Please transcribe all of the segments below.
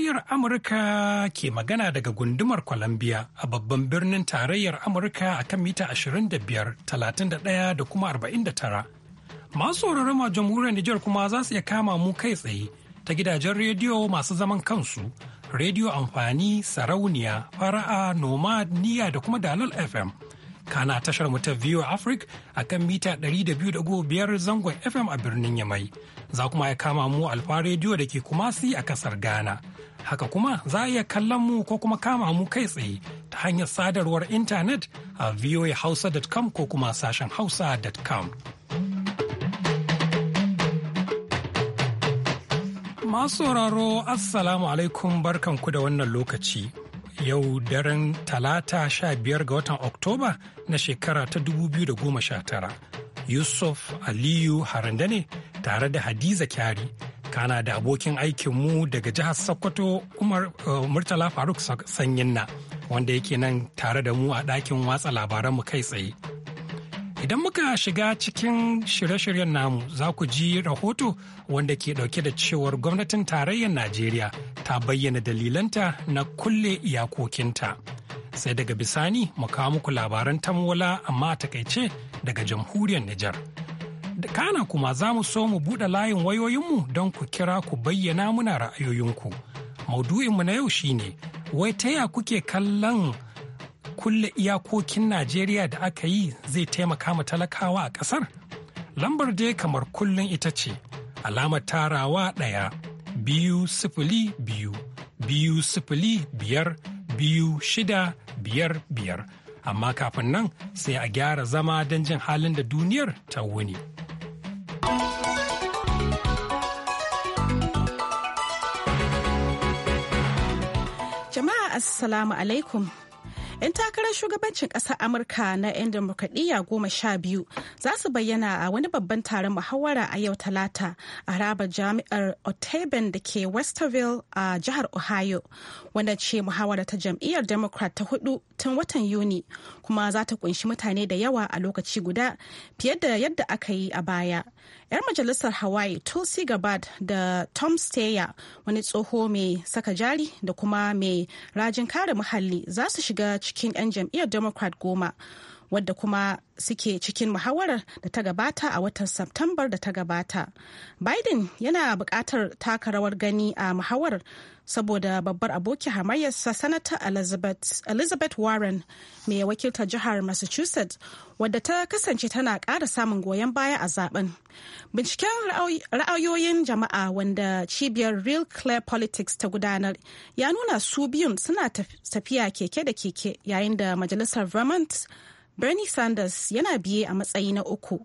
muryar Amurka ke magana daga gundumar Columbia a babban birnin tarayyar Amurka a kan mita 25, 31 da kuma 49. Masu sauraron jamhuriyar Nijar kuma za su iya kama mu kai tsaye ta gidajen rediyo masu zaman kansu, rediyo amfani, sarauniya, fara'a, nomad, da kuma dalol FM. kana tashar mu ta Viewer Africa a kan mita 200.5 zangon FM a birnin Yamai. Za kuma ya kama mu alfa rediyo da ke kumasi a kasar Ghana. Haka kuma za a iya kallon mu ko kuma kama mu kai tsaye ta hanyar sadarwar intanet a voahausa.com ko kuma sashen hausa.com. Masu sauraro, Assalamu alaikum barkanku da wannan lokaci. yau daren talata sha biyar ga watan oktoba na shekara ta dubu biyu da goma sha tara, yusuf aliyu haranda ne tare da hadiza kyari kana da abokin aikinmu daga jihar sokoto umar eh, murtala faruk sanyinna wanda yake nan tare da mu a ɗakin watsa labaranmu kai tsaye Idan muka shiga cikin shirye-shiryen namu za ku ji rahoto wanda ke ɗauke da cewar gwamnatin tarayyar Najeriya ta bayyana dalilanta na kulle iyakokinta. Sai daga bisani mu kawo muku labaran tamwala amma a takaice daga jamhuriyar Nijar. Da Kana kuma za mu so mu buɗe layin wayoyinmu don ku kira ku bayyana muna ra'ayoyinku. Maudu'inmu na yau shine wai ta ya kuke kallon kulle iyakokin Najeriya da aka yi zai taimaka ma talakawa a ƙasar? Lambar dai kamar kullum ita ce, alamar tarawa ɗaya. biyu sifili biyu biyu sifili biyar biyu shida biyar biyar amma kafin nan sai a gyara zama don jin halin da duniyar ta wuni. Jama'a Assalamu alaikum 'Yan takarar shugabancin ƙasar Amurka na 'yan demokradiyya goma sha biyu za su bayyana a wani babban taron muhawara a yau talata a raba jami'ar Otaben da ke Westerville a jihar Ohio, wanda ce muhawara ta jam'iyyar Democrat ta hudu tun watan Yuni, kuma za ta kunshi mutane da yawa a lokaci guda fiye da yadda aka yi a baya. 'Yar majalisar Hawaii Tulsi gabad da Tom Steyer wani tsoho mai saka jari da kuma mai rajin kare muhalli za su shiga cikin 'yan jam'iyyar democrat goma wadda kuma suke cikin muhawarar da ta gabata a watan Septambar da ta gabata. Biden yana buƙatar taka rawar gani a muhawarar saboda babbar aboki hamayyarsa sanata Elizabeth, Elizabeth Warren mai wakiltar jihar Massachusetts wadda ta kasance tana ƙara samun goyon baya a zaben. Binciken ra'ayoyin jama'a wanda cibiyar Real Clear Politics ta gudanar ya nuna su biyun suna tafiya keke da keke yayin da Majalisar Vermont bernie sanders yana biye a matsayi na uku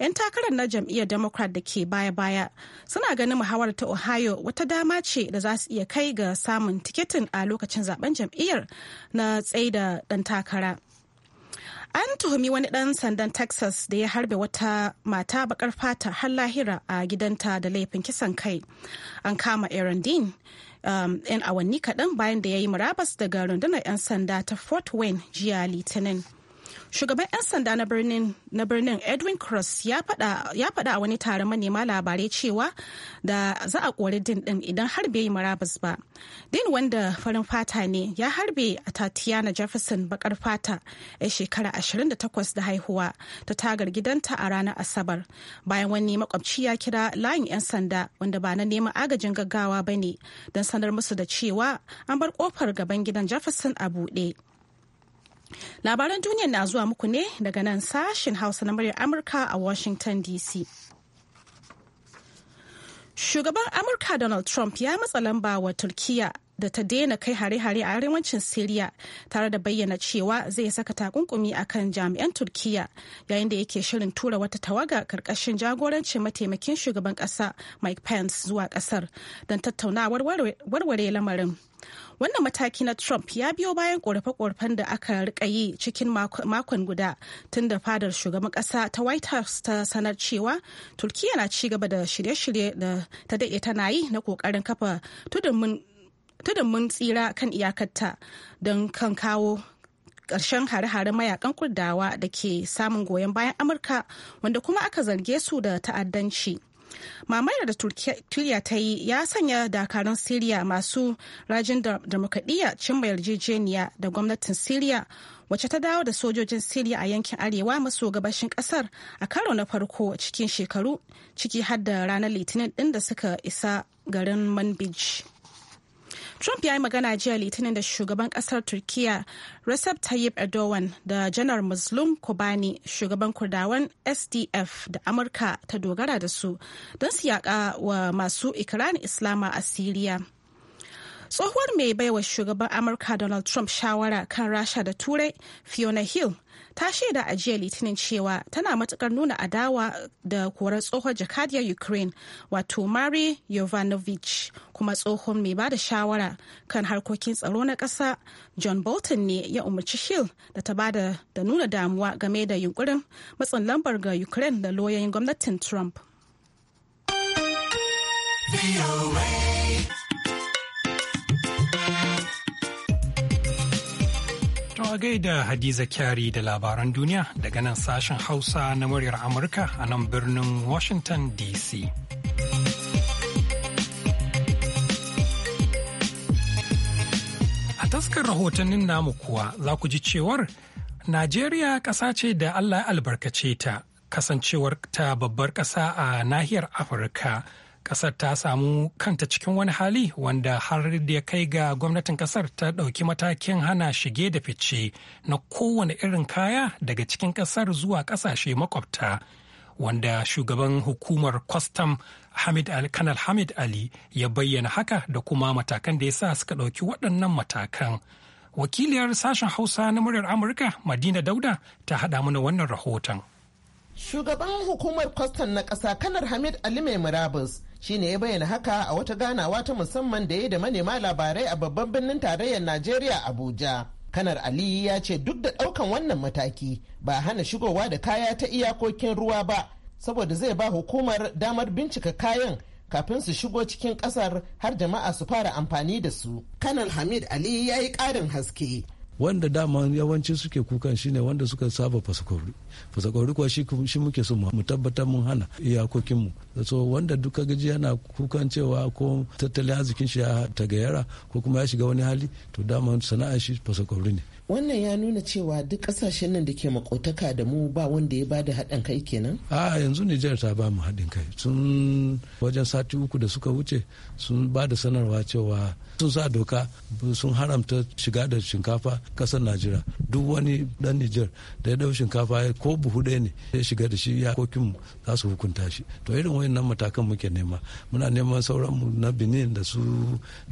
'yan takarar na jam'iyyar democrat da ke baya-baya suna ganin muhawar ta ohio wata dama ce da za su iya kai ga samun tiketin a lokacin zaben jam'iyyar na tsaida dan takara an tuhumi wani dan sandan texas da ya harbe wata mata bakar fata har lahira a gidanta da laifin kisan kai an kama aaron dean um, 'yan awanni kaɗan bayan da ya yi murabas daga rundunar 'yan sanda ta fort wayne jiya litinin shugaban 'yan sanda na birnin edwin cross ya faɗa a wani taron manema labarai cewa da za a kori din din idan har bai yi marabas ba din wanda farin fata ne ya harbe a tatiana jefferson bakar fata a shekara 28 da haihuwa ta tagar gidanta a ranar asabar bayan wani makwabci ya kira layin 'yan sanda wanda ba na neman agajin gaggawa ba ne don sanar musu da cewa an bar kofar gaban gidan jefferson a buɗe Labaran duniyar na zuwa muku ne daga nan sashen Hausa na muryar Amurka a Washington DC. Shugaban Amurka Donald Trump ya matsa lamba wa Turkiyya da ta daina kai hare-hare a arewacin Siriya tare da bayyana cewa zai saka takunkumi a kan jami'an Turkiyya yayin da yake shirin tura wata tawaga karkashin jagorancin mataimakin shugaban ƙasa Mike Pence zuwa ƙasar don tattaunawar warware lamarin. Wannan mataki na Trump ya biyo bayan ƙorafe-ƙorafen da aka rika yi cikin makon guda tun da fadar shugaban ƙasa ta White House ta sanar cewa Turkiyya na ci gaba da shirye-shirye da ta daɗe tana yi na ƙoƙarin kafa tudun ta da mun tsira kan iyakarta don kan kawo ƙarshen hare-hare mayakan kurdawa da ke samun goyon bayan amurka wanda kuma aka zarge su da ta'addanci mamayar da turkiya ta yi ya sanya dakarun siriya masu rajin demokradiyya cimma yarjejeniya da gwamnatin siriya wacce ta dawo da sojojin siriya a yankin arewa maso gabashin kasar a karo na farko cikin shekaru ciki har da ranar litinin din da suka isa garin manbij Trump ya yi magana jiya litinin da shugaban kasar Turkiyya Recep Tayyip Erdogan da janar Muslim Kobani shugaban kurdawan SDF da Amurka ta dogara da su don su yaƙa wa masu ikirarin Islama a Siriya. tsohuwar mai baiwa shugaban amurka donald trump shawara kan rasha da turai fiona hill ta shaida a jiya litinin cewa tana matukar nuna adawa da korar tsohon jakadiyar ukraine wato mari yovanovich kuma tsohon mai bada shawara kan harkokin tsaro na ƙasa john bolton ne ya umarci hill da ta bada da nuna damuwa game da yunkurin matsin lambar ga ukraine da loyoyin gwamnatin trump. To a gaida Hadiza Kyari da labaran duniya daga nan sashen Hausa na muryar Amurka a nan birnin Washington DC. A taskar rahotannin namu kuwa za ku ji cewar Najeriya ƙasa ce da Allah ya albarkace ta kasancewar ta babbar ƙasa a nahiyar Afirka. kasar ta samu kanta cikin wani hali wanda har da ya kai ga gwamnatin kasar ta ɗauki matakin hana shige da fice na kowane irin kaya daga cikin kasar zuwa ƙasashe makwabta wanda shugaban hukumar kwastam hamid al kanal hamid ali ya bayyana haka da kuma matakan da ya sa suka ɗauki waɗannan matakan wakiliyar sashen hausa na muryar amurka madina dauda ta haɗa mana wannan rahoton. Shugaban hukumar kwastan na ƙasa kanar Hamid Ali mai murabus shi ne ya bayyana haka a wata ganawa ta musamman da ya da manema labarai a babban birnin tarayyar Najeriya Abuja. Kanar Ali ya ce duk da ɗaukan wannan mataki ba hana shigowa da kaya ta iyakokin ruwa ba saboda zai ba hukumar damar bincika kayan kafin su shigo cikin ƙasar har jama'a su fara amfani da su. Kanar Hamid Ali ya yi ƙarin haske wanda dama yawanci suke kukan shine wanda suka saba fasakwari fasakwari kuwa shi muke so mu tabbatar mun hana iyakokinmu so wanda duka gaji yana kukan cewa ko tattalin arzikin shi ya tagayara ko kuma ya shiga wani hali to dama sana'a shi fasakwari ne wannan ya nuna cewa duk kasashen nan da ke makotaka da mu ba wanda ya ba da haɗin kai kenan a yanzu nijar ta ba mu haɗin kai sun wajen sati uku da suka wuce sun ba da sanarwa cewa sun sa doka sun haramta shiga da shinkafa kasar najeriya duk wani dan nijar da ya dau shinkafa ko buhu ɗaya ne ya shiga da shi ya mu za su hukunta shi to irin nan matakan muke nema muna neman sauran mu na benin da su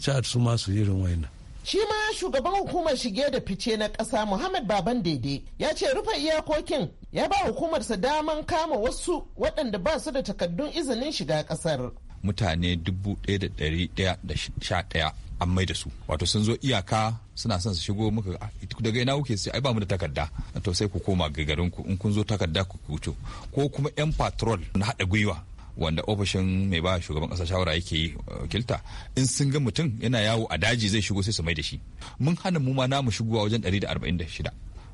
chad su masu irin irin nan Shi ma shugaban hukumar shige da fice na ƙasa Muhammad Baban Dede ya ce rufe iyakokin ya ba hukumarsa daman kama wasu waɗanda ba su da takaddun izinin shiga ƙasar. Mutane dubu ɗaya da ɗari ɗaya da sha ɗaya an mai da su wato sun zo iyaka suna son su shigo muka ah, daga ina kuke sai ai ba mu da takarda to sai ku koma ga garinku in kun zo takarda ku wuce ko kuma yan patrol na haɗa gwiwa wanda ofishin mai ba shugaban kasa shawara yake yi uh, kilta in sun ga mutum yana yawo a daji zai shigo sai su mai da shi mun hana mu ma namu shigowa wajen 146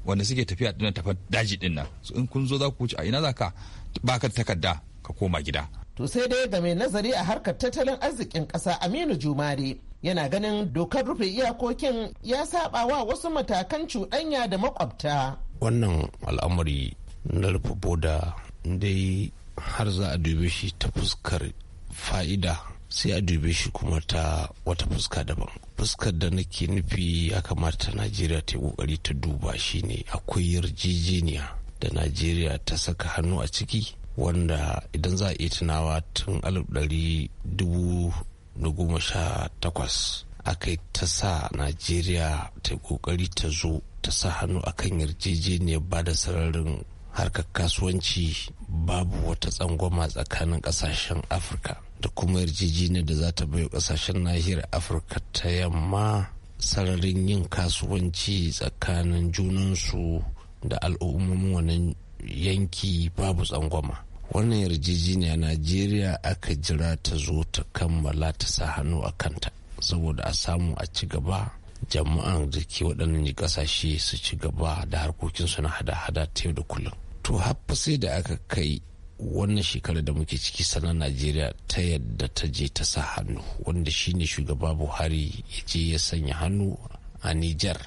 wanda suke tafiya dinnan tafan daji dinnan su in kun zo za ku wuce a ina za ka baka takarda ka koma gida to sai dai ga mai nazari a harkar tattalin arzikin kasa Aminu Jumare yana ganin dokar rufe iyakokin ya saba wa wasu matakan cuɗanya da makwabta wannan al'amari na rufe boda dai har za a dube shi ta fuskar fa'ida sai a dube shi kuma ta wata fuska daban fuskar da nake nufi ya kamata najeriya ta yi kokari ta duba shi ne akwai yarjejeniya da najeriya ta saka hannu a ciki wanda idan za a iya tunawa tun dubu goma sha takwas aka ta sa najeriya ta kokari ta zo ta sa hannu akan yarjejeniyar ba da sararin harkar kasuwanci babu wata tsangwama tsakanin kasashen afirka da kuma yarjejeniyar da za ta baiwa kasashen nahiyar afirka ta yamma sararin yin kasuwanci tsakanin junansu da al'ummomin wannan yanki babu tsangwama wannan yarjejeniya najeriya aka jira ta zo ta kammala ta sa hannu a kanta saboda a samu a ci gaba jama'an da ke waɗannan kasashe su ci gaba da harkokinsu na hada-hada ta yau da kullum to haffa sai da aka kai wannan shekarar da muke ciki sanar najeriya ta yadda ta je ta sa hannu wanda shine shugaba buhari ya je ya sanya hannu a nijar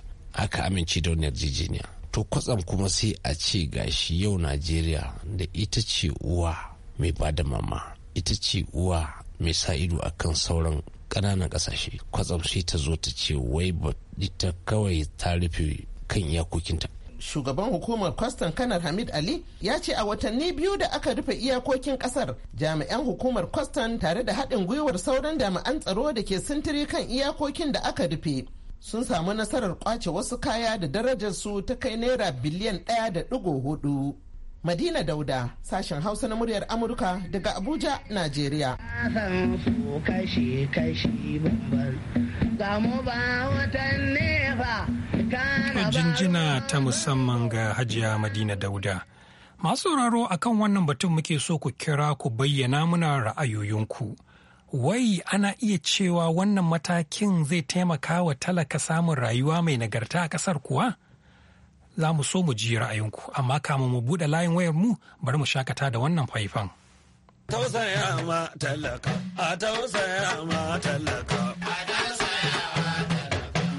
aka amince da wani yarjejeniya to kwatsam kuma sai a ce gashi yau najeriya da ita ce uwa mai ba da mama ita ce uwa mai sa ido akan sauran ƙananan ƙasashe kwatsam sai ta zo ta ce wai ba ita kawai ta rufe kan iyakokinta shugaban hukumar kwastan kanar hamid ali ya ce a watanni biyu da aka rufe iyakokin kasar jami'an hukumar kwastan tare da haɗin gwiwar sauran jami'an tsaro da ke sintiri kan iyakokin da aka rufe sun samu nasarar kwace wasu kaya da darajar su ta kai naira biliyan ɗaya da ɗigo hudu Madina Dauda, sashen Hausa na muryar Amurka daga Abuja, Najeriya. kashi-kashi ba watanni jinjina ta musamman ga hajiya madina dauda masu sauraro kan wannan batun muke so ku kira ku bayyana muna ra'ayoyinku wai ana iya cewa wannan matakin zai taimaka wa talaka samun rayuwa mai nagarta a ƙasar kuwa za mu so mu ji ra'ayinku amma kama mu buɗe layin wayar mu bari mu shakata da wannan faifan tausaya ma talaka a tausaya ma talaka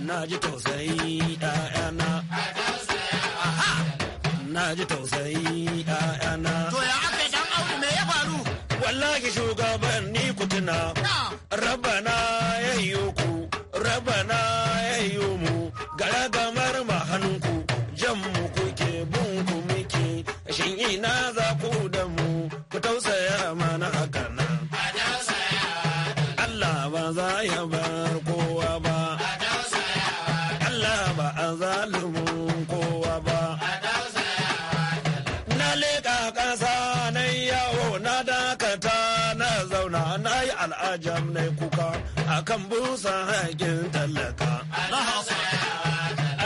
na ji tausayi ɗayana. Na ji tausayi ɗayana. To ya aka dan auri me ya faru? Wallahi shugaban ni ku tuna. Rabana ya yi ku, rabana ya yi mu, gara gamar mahanku, jan mu kuke bin ku muke, shin ina za ku da mu, ku tausaya mana haka nan. Allah ba za ya kan busa hakin talaka.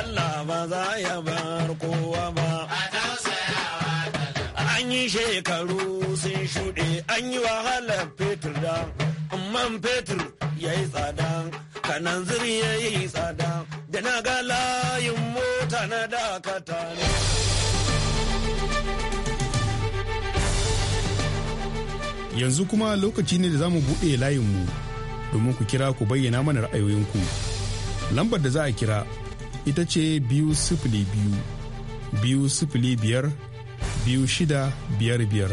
Allah ba za ya bar kowa ba. An yi shekaru sun shuɗe an yi wahalar fetur da man fetur ya yi tsada kanan ziri ya yi tsada da na ga layin mota na dakata ne. Yanzu kuma lokaci ne da za mu buɗe layinmu domin ku kira ku bayyana mana ra'ayoyinku. Lambar da za a kira ita ce biyu sifili biyu biyu sifili biyar biyu shida biyar biyar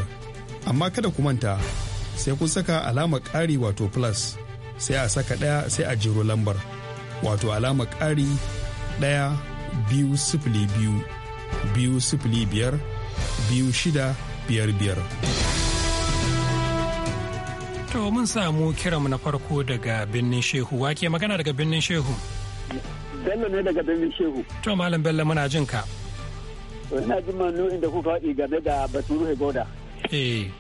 amma kada ku manta sai kun saka alama ƙari wato plus sai a saka ɗaya sai a jero lambar wato alama ƙari ɗaya biyu sifili biyu biyu sifili biyar biyu shida biyar biyar. To mun samu kiranmu na farko daga birnin Shehu. Wake magana daga birnin Shehu. Bello ne daga birnin Shehu. To Malam Bello muna jin ka. Ina jin manu inda ku faɗi game da Baturu Hegoda. Eh.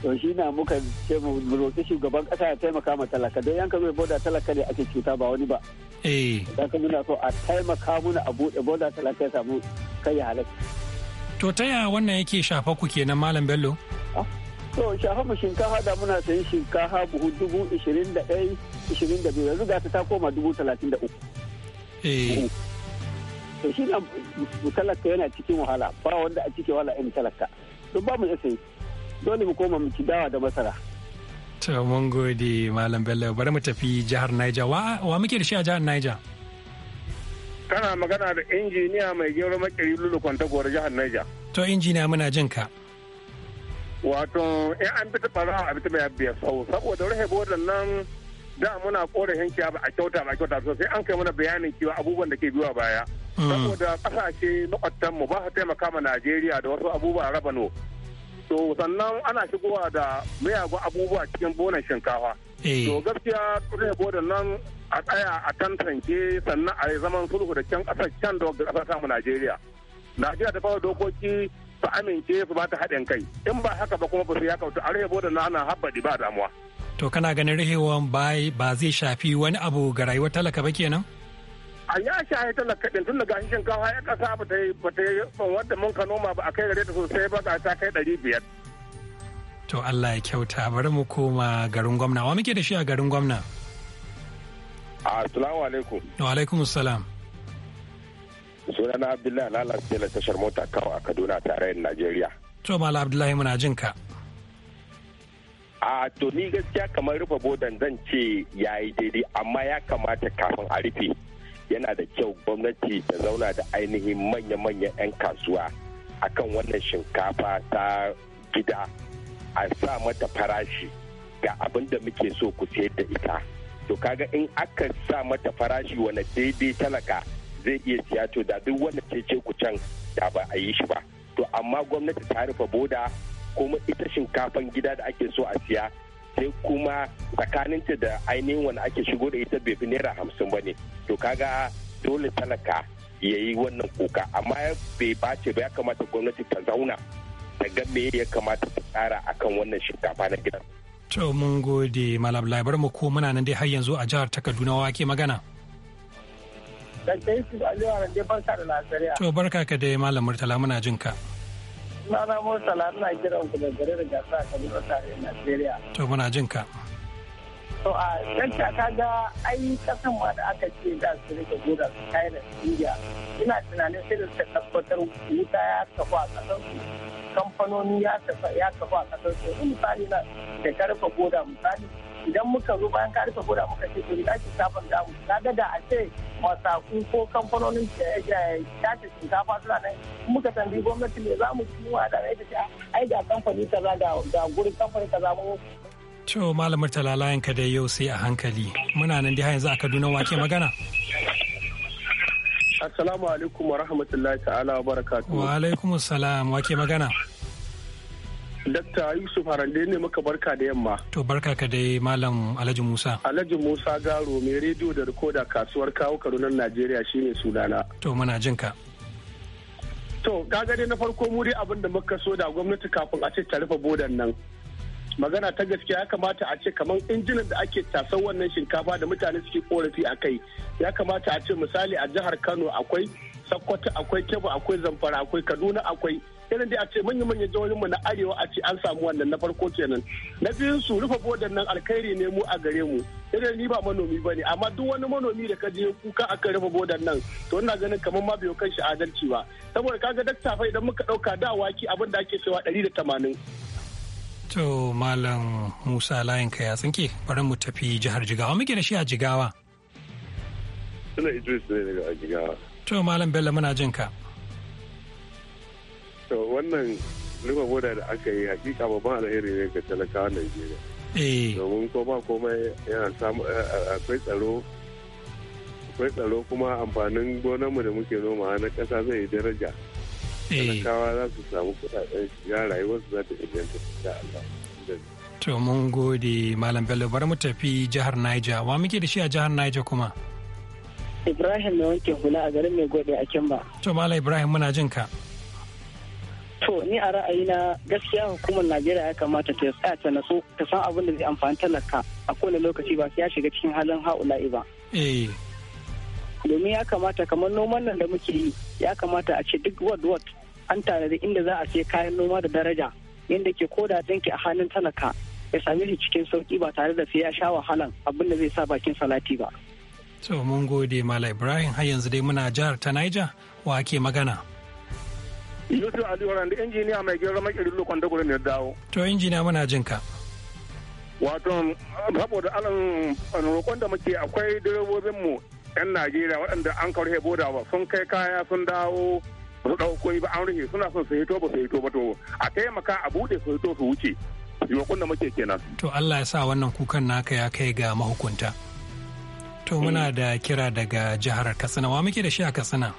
To shi na muka ce mu roƙi shugaban ƙasa ya taimaka ma talaka don yanka zai boda talaka ne ake cuta ba wani ba. Eh. Da ka muna so a taimaka muna a buɗe boda talaka ya samu kai ya halatta. To ta yaya wannan yake shafa ku kenan Malam Bello? to shafamu shinkafa da muna sayi shinkafa buhu dubu ishirin da ɗai ishirin da biyu yanzu gata ta koma dubu talatin da uku. Eh. to shi na talaka yana cikin wahala ba wanda a cikin wahala in talaka don ba mu iya sayi dole mu koma mu ci dawa da masara. to mun gode malam bello bari mu tafi jihar niger wa muke da shi a jihar niger. kana magana da injiniya mai gero makiri lulu kwanta jihar niger. to injiniya muna jin ka. wato ya an bi ta a bi ta mai biya sau saboda rahe bodan nan da muna korafin cewa a kyauta a kyauta sosai an kai mana bayanin cewa abubuwan da ke biwa baya hmm. saboda kasashe makwattan mu ba su taimaka ma Najeriya da wasu abubuwa rabano to sannan ana shigowa da miyagun abubuwa cikin bonan shinkafa eh. to gaskiya rahe bodan nan a tsaya a tantance sannan a zaman sulhu da can kasar can da kasar samu Najeriya Najeriya ta fara dokoki su amince su ba ta haɗin kai in ba haka ba kuma ba su ya kautu a rahe bodan ana haɓaɗi ba damuwa. to kana ganin rahewan bai ba zai shafi wani abu ga rayuwar talaka ba kenan. a ya shahi talaka ɗin tun daga kawo ya ƙasa ba ta yi ba ta yi wadda mun ka noma ba a kai gare ta sosai ba ta kai ɗari biyar. to Allah ya kyauta bari mu koma garin gwamna wa muke da shi a garin gwamna. Assalamu alaikum. Wa alaikum salam. na abdullahi lala tela tashar mota kawo a kaduna tarayyar najeriya to mala abdullahi muna jin ka a to ni gaskiya kamar rufe bodan zan ce ya yi daidai amma ya kamata kafin a rufe yana da kyau gwamnati ta zauna da ainihin manya-manyan 'yan kasuwa akan wannan shinkafa ta gida a sa mata farashi ga abin da muke so ku sayar da ita to kaga in aka sa mata farashi wani daidai talaka zai iya siya to da duk wanda ce ce ku can da ba a yi shi ba to amma gwamnati ta rufe boda kuma ita shinkafan gida da ake so a siya sai kuma tsakaninta da ainihin wani ake shigo da ita bai fi naira hamsin ba ne to kaga dole talaka ya yi wannan kuka amma bai bace ba ya kamata gwamnati ta zauna ta ga me ya kamata ta tsara akan wannan shinkafa na gida. to mun gode malam labar mu ko muna nan dai har yanzu a jihar ta kaduna wake magana. ta yi su barka da lasariya to barka ka dai malam murtala muna jin ka sunana murtala ina kiran ku da da gasa a kaduna tare najeriya to muna jin ka to a ta ka ga ai kasan ma da aka ce da su rike su kai da indiya ina tunanin sai da ta tabbatar wuta ya kafa a kasan su kamfanoni ya kafa a kasan su misali na da karfa goda misali idan muka zo bayan ka rufe muka ce kuri ina shinkafan damu ta da a ce masaku ko kamfanonin tace shinkafa suna nan muka tambayi gwamnati me za mu ci mu da ita ce ai ga kamfani kaza ga gurin kamfani kaza mu To malamar talalayan ka da yau sai a hankali muna nan dai yanzu a Kaduna wake magana. Assalamu alaikum wa rahmatullahi ta'ala wa barakatuhu. Wa alaikum salam wake magana. Dakta Yusuf Harande ne maka barka da yamma. To barka ka dai Malam Alhaji Musa. Alhaji Musa Garo mai rediyo da rikoda kasuwar kawo karunan Najeriya shine sunana. To muna jin ka. To kaga dai na farko muri abin da muka so da gwamnati kafin a ce ta rufe bodan nan. Magana ta gaske ya kamata a ce kamar injinan da ake tasan wannan shinkafa da mutane suke korafi a kai. Ya kamata a ce misali a jihar Kano akwai Sokoto akwai Kebbi akwai Zamfara akwai Kaduna akwai irin dai a ce manyan manyan jihohin mu na arewa a ce an samu wannan na farko kenan na biyun su rufe bodan nan alkhairi ne mu a gare mu irin ni ba manomi bane amma duk wani manomi da ka je kuka aka rufe bodan nan to ina ganin kamar ma bai kan shi adalci ba saboda kaga dakta fa idan muka dauka da waki abin da ake cewa 180 To Malam Musa layinka ya tsinke bari mu tafi jihar Jigawa muke da shi a Jigawa. Suna Idris ne daga Jigawa. To Malam Bello muna jin ka. to wannan lima boda da aka yi hakika babban alheri ne ga talakawa Najeriya. Eh. Domin ko ba komai yana samu akwai tsaro akwai tsaro kuma amfanin gonanmu da muke noma na ƙasa zai yi daraja. Eh. Talakawa za su samu kuɗaɗen shiga rayuwarsu za ta inganta da Allah. To mun gode Malam Bello bari mu tafi jihar Niger. Wa muke da shi a jihar Niger kuma? Ibrahim na wanke hula a garin mai gode a Kimba. To Malam Ibrahim muna jin ka. to ni a ra'ayina gaskiya hukumar najeriya ya kamata ta tsaya ta naso ta san abin da zai amfani talaka a kowane lokaci ba sai ya shiga cikin halin ha'ula'i ba eh. domin ya kamata kamar noman nan da muke yi ya kamata a ce duk wad-wad an tanadi inda za a sai kayan noma da daraja yadda ke koda danki a halin talaka ya same shi cikin sauki ba tare da sai ya sha wahalan abin da zai sa bakin salati ba. to mun gode mala ibrahim har yanzu dai muna jihar ta niger wa ake magana. Yusuf Ali da injiniya mai gero makiri lokon da gudun dawo. To injiniya muna jin ka. Wato saboda alan roƙon da muke akwai direbobin mu yan Najeriya waɗanda an kawarhe boda ba sun kai kaya sun dawo ba su ɗauko ba an rufe suna son su hito ba su hito ba to a taimaka a buɗe su hito su wuce. Roƙon da muke kenan. To Allah ya sa wannan kukan naka ya kai ga mahukunta. To muna mm. da kira daga jihar Katsina wa muke da shi a Katsina.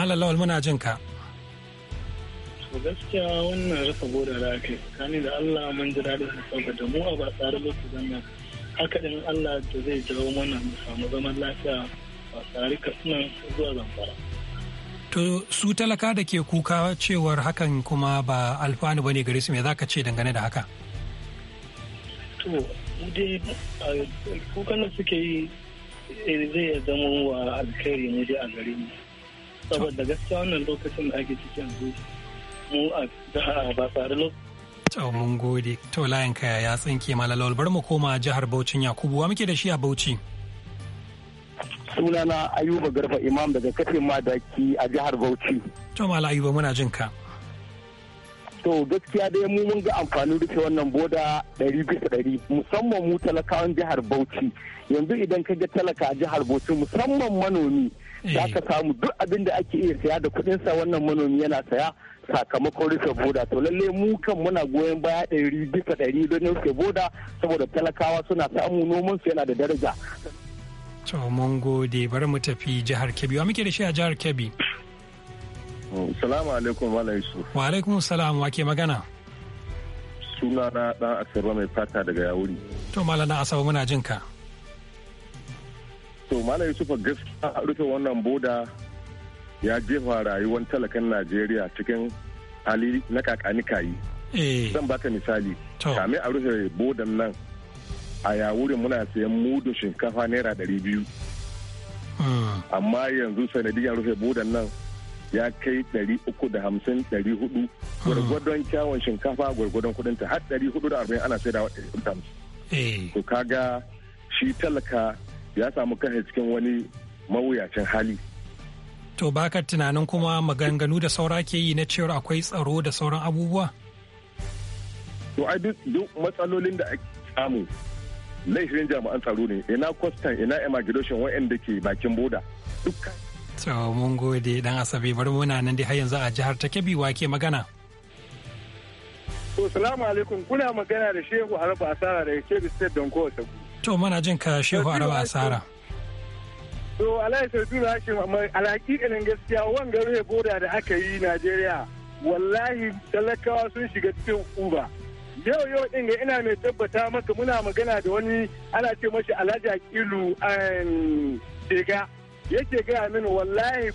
Lawal muna jin ka. To gaskiya wannan rasa goda da ake tsakani da Allah mun ji daɗin sauka da mu a ba tsari musu haka din Allah da zai jawo mana mu samu zaman lafiya ba tsari Katsina zuwa Zamfara. To su talaka da ke kuka cewar hakan kuma ba alfanu ne gare su me ka ce dangane da haka? To, dai kukan da suke yi Eh, zai zama wa alkhairi ne dai a gare mu saboda gaskiya wannan lokacin da ake cikin yanzu mu a ba tsare lokacin mun gode to layin kaya ya tsinke malalawal bari mu koma jihar Bauchin Yakubu wa muke da shi a Bauchi sunana Ayuba Garba Imam daga kafin madaki a jihar Bauchi to Ayuba muna jin ka to gaskiya dai mu mun ga amfanin rufe wannan boda ɗari bisa ɗari musamman mu talakawan jihar bauchi yanzu idan ka ga talaka a jihar bauchi musamman manomi eh. za ka samu duk abin da ake iya saya da kuɗin sa wannan manomi yana saya sakamakon rufe boda to lalle mu kan muna goyon baya ɗari bisa ɗari don rufe boda saboda talakawa suna samu noman su yana da daraja. to mun gode bari mu tafi jihar kebbi wa muke da shi a jihar kebbi. Salamu alaikum wa Yusuf. Wa alaikum salam wa ke magana? Suna na dan Asaba mai fata daga Yawuri. To Malam na Asaba muna jin ka. To Malam Yusuf gaskiya rufe wannan boda ya jefa rayuwar talakan Najeriya cikin hali na kakani kayi. Eh. Zan baka misali. Kame a rufe bodan nan a Yawuri muna sayan mudun shinkafa naira ɗari biyu. Hmm. Amma yanzu sanadiyar rufe bodan nan ya kai 350-400 gwargwadon kyawun shinkafa gwargwadon kudinta har 440 ana sai da 150 eh. to kaga shi talaka ya samu kansa cikin wani mawuyacin hali to baka tunanin kuma maganganu da saura ke yi na cewar akwai tsaro da sauran abubuwa to ai duk matsalolin da ake samu laifin jami'an tsaro ne ina kwastan ina immigration da ke bakin boda dukkan to mun gode dan asabe bari muna nan dai har yanzu a jihar ta wa ke magana to salamu alaikum kuna magana da shehu araba asara da kebbi state don kowa to mana jin ka shehu araba asara to da hakim amma alaki ilin gaskiya wanga rufe boda da aka yi najeriya wallahi talakawa sun shiga cikin uba yau yau din ga ina mai tabbata maka muna magana da wani ana ce mashi alhaji akilu um, shiga. yake gaya mini wallahi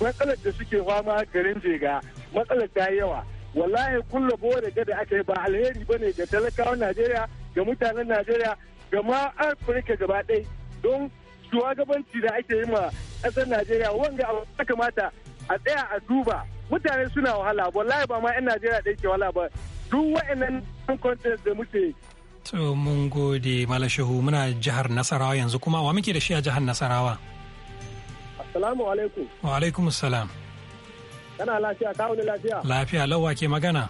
matsalar da suke fama garin jega matsalar ta yawa wallahi kulla bore da aka yi ba alheri ba ne ga talakawan najeriya ga mutanen najeriya ga ma afirka gaba ɗai don shugabanci da ake yi ma ƙasar najeriya wanga a kamata a tsaya a duba mutane suna wahala wallahi ba ma 'yan najeriya ɗai ke wahala ba duk wa'annan contest da muke to mun gode malashehu muna jihar nasarawa yanzu kuma wa muke da shi a jihar nasarawa Assalamu alaikum. Wa alaikum salam. Kana lafiya, kawo ni lafiya. Lafiya, lawa ke magana.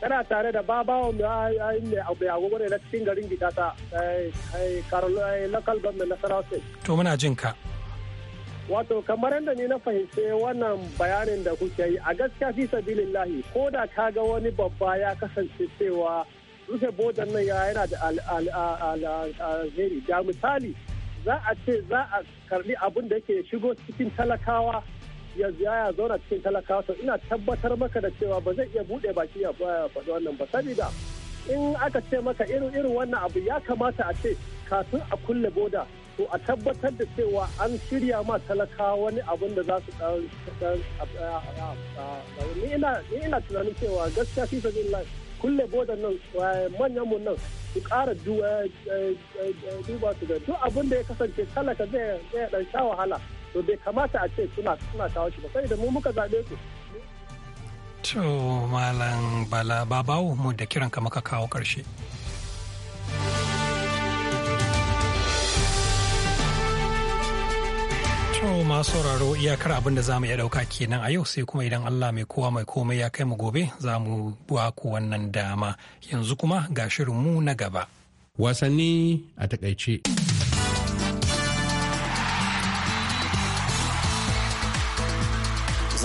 Kana tare da babawa mai agogo ne na cikin garin gida ta local government na Sarausai. To muna jin ka. Wato kamar yadda ni na fahimce wannan bayanin da kuke yi a gaskiya fi sabilillahi ko da ka ga wani babba ya kasance cewa rufe bodan nan yana da alheri da misali za a ce za a karli abin da yake shigo cikin talakawa ya ya zauna cikin talakawa to ina tabbatar maka da cewa ba zai iya buɗe baki ya faɗi wannan ba saboda in aka ce maka irin irin wannan abu ya kamata a ce kafin a kulle boda to a tabbatar da cewa an shirya ma talakawa wani abin da za su ɗan ni ina tunanin cewa gaskiya fi sabilillah kulle bodan nan eh, manyan mu nan su kara eh, eh, duba su da duk abin da ya kasance talaka zai dan sha wahala to bai kamata a ce suna suna kawo shi ba sai da mu muka zaɓe su. To Malam Bala Babawo mu da kiranka maka kawo karshe To masu sauraro iyakar abin da za mu iya ɗauka kenan a yau sai kuma idan Allah mai kowa mai komai ya kai mu gobe za mu buwa ku wannan dama yanzu kuma ga shirinmu na gaba. Wasanni a takaice.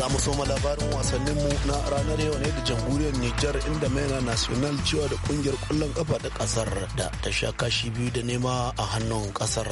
mu soma labarin wasannin mu na ranar yau ne da jamhuriyar Nijar inda na national cewa da kungiyar kwallon kafa da kasar da ta sha kashi biyu da nema a hannun kasar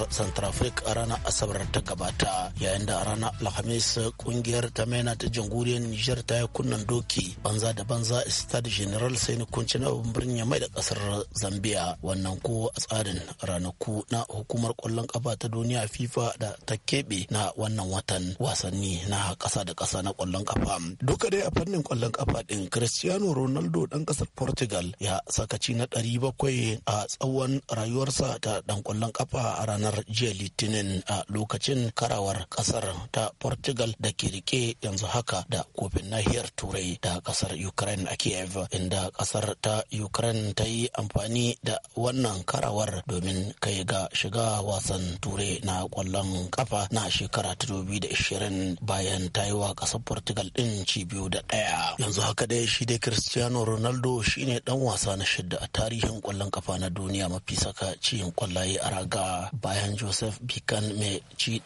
Africa a ranar Asabar ta gabata yayin da a ranar Alhamis kungiyar ta mena ta jamhuriyar Nijar ta yi kunnan doki banza da banza Stade General sai ni kunci na birnin mai da kasar Zambia wannan ko a tsarin ranaku na hukumar kwallon kafa ta duniya FIFA da ta keɓe na wannan watan wasanni na ƙasa da ƙasa na kwallon kafa duka dai a fannin kwallon kafa ɗin cristiano ronaldo dan ƙasar portugal ya sakaci na ɗari bakwai a tsawon rayuwarsa ta ɗan kwallon kafa a ranar jiya litinin a lokacin karawar ƙasar ta portugal da ke rike yanzu haka da kofin nahiyar turai da ƙasar ukraine a kiev inda ƙasar ta ukraine ta yi amfani da wannan karawar domin kai ga shiga wasan turai na kwallon kafa na shekara ta 2020 bayan ta yi wa kasar portugal din ci biyu da ɗaya yanzu haka dai shi dai cristiano ronaldo shine ɗan wasa na shidda a tarihin kwallon kafa na duniya mafi saka ciyin kwallaye a raga bayan joseph bikan mai ci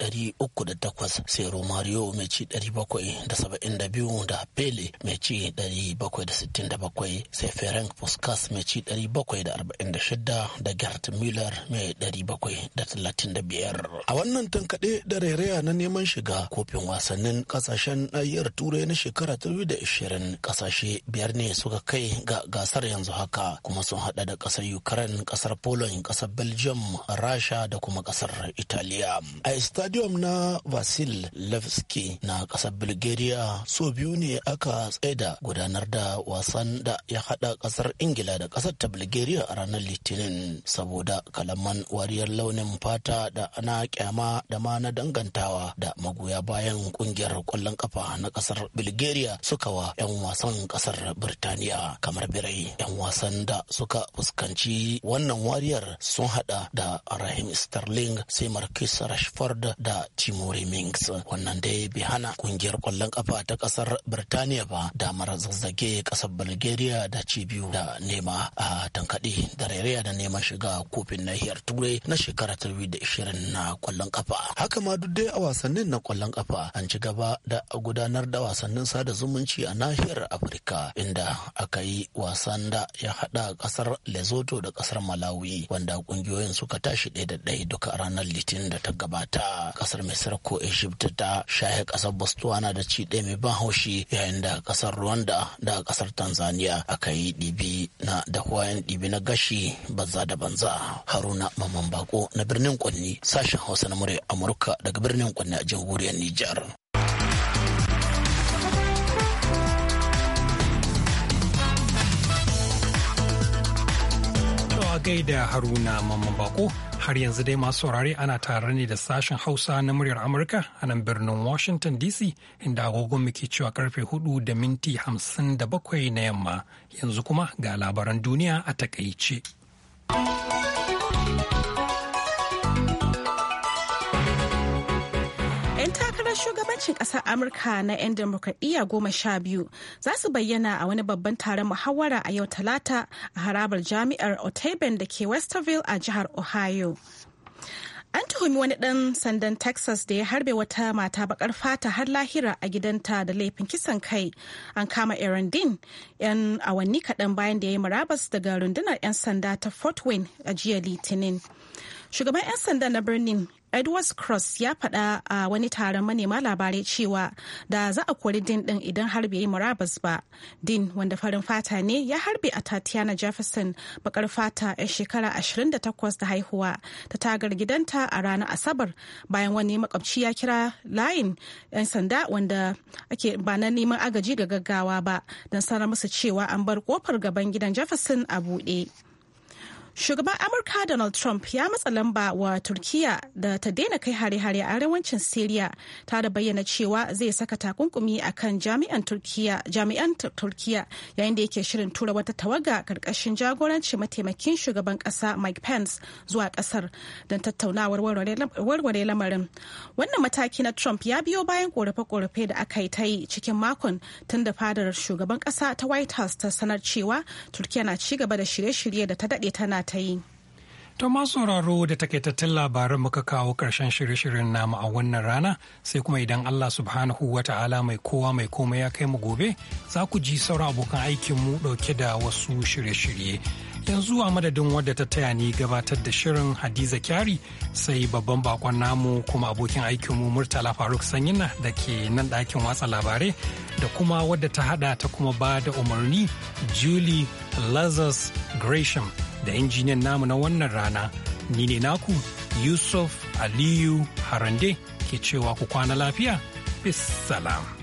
takwas sai romario mai ci bakwai da pele mai ci bakwai sai ferenc puskas mai ci bakwai da gert müller mai biyar. a wannan tankaɗe da rairaya na neman shiga kofin wasannin ƙasashen jamhuriyar turai na shekara ta da ishirin kasashe biyar ne suka kai ga gasar yanzu haka kuma sun hada da kasar ukraine kasar poland kasar belgium rasha da kuma kasar italiya a stadium na vasil levski na kasar bulgaria so biyu ne aka tsaida gudanar da wasan da ya hada kasar ingila da kasar ta bulgaria a ranar litinin saboda kalaman wariyar launin fata da ana kyama da ma na dangantawa da magoya bayan kungiyar kwallon kafa na kasar bulgaria suka wa 'yan wasan kasar birtaniya kamar birai 'yan wasan da suka fuskanci wannan wariyar sun hada da rahim sterling sai marcus rashford da timori minks wannan dai bai hana kungiyar kwallon kafa ta kasar birtaniya ba damar zazzage kasar bulgaria da cibiyu da nema a tankaɗe da rairaya da neman shiga kofin nahiyar turai na shekara ta biyu ishirin na kwallon kafa haka ma duk dai a wasannin na kwallon kafa an ci gaba da gudanar gudanar da wasannin sada zumunci a nahiyar Afirka inda aka yi wasan da ya haɗa kasar Lesotho da kasar Malawi wanda kungiyoyin suka tashi ɗaya da ɗaya duka ranar Litinin da ta gabata. kasar Misir ko Egypt ta shahe kasar Botswana da ci ɗaya mai ban haushi yayin da kasar Rwanda da kasar Tanzania aka yi ɗibi na da kwayan ɗibi na gashi banza da banza. Haruna mamman Bako na birnin Kwanni sashen Hausa na Murya Amurka daga birnin Kwanni a jamhuriyar Nijar. gaida haruna mamman bako har yanzu dai masu saurare ana tare ne da sashen hausa na muryar amurka a nan birnin washington dc inda agogon muke cewa karfe 4 da minti 57 na yamma yanzu kuma ga labaran duniya a takaice. shugabancin ƙasar Amurka na 'yan demokradiyya goma sha biyu za su bayyana a wani babban taron muhawara a yau talata a harabar jami'ar Oteben da ke Westerville a jihar Ohio. An tuhumi wani ɗan sandan Texas da ya harbe wata mata bakar fata har lahira a gidanta da laifin kisan kai. An kama Aaron Dean 'yan awanni kaɗan bayan da ya yi murabas daga rundunar 'yan sanda ta Fort Wayne a jiya Litinin. Shugaban 'yan sanda na birnin edward Cross ya faɗa a wani taron manema labarai cewa da za a kori din din idan har bai yi murabas ba. Din wanda farin fata ne ya harbe a Tatiana Jefferson bakar fata 'yan shekara 28 da haihuwa ta tagar gidanta a ranar Asabar bayan wani makwabci ya kira layin 'yan sanda wanda ake ba na neman agaji ga gaggawa ba don sanar musu cewa an bar kofar gaban gidan Jefferson a buɗe. Shugaban Amurka Donald Trump ya matsa lamba wa turkiyya da ta daina kai hare-hare a arewacin Siriya ta da bayyana cewa zai saka takunkumi a kan jami'an turkiyya jami'an turkiyya yayin da yake shirin tura wata tawaga karkashin jagoranci mataimakin shugaban kasa Mike Pence zuwa kasar don tattaunawar warware lamarin. Wannan mataki na Trump ya biyo bayan korafe-korafe da aka yi ta yi cikin makon tun da fadar shugaban kasa ta White House ta sanar cewa turkiyya na ci gaba da shirye-shirye da ta daɗe tana ta yi. To sauraro da tattalin labaran muka kawo ƙarshen shirye-shiryen namu a wannan rana sai kuma idan Allah subhanahu wa ta'ala mai kowa mai komai ya kai mu gobe za ku ji sauran abokan aikinmu ɗauke da wasu shirye-shirye. Yanzu a madadin wadda ta taya ni gabatar da shirin Hadiza Kyari sai babban bakon namu kuma abokin aikinmu Murtala Faruk Sanyina da ke nan ɗakin watsa labarai da kuma wadda ta hada ta kuma ba da umarni Julie Lazarus Gresham. da injiniyan namu na wannan rana ni ne naku yusuf aliyu harande ke cewa ku kwana lafiya bis salam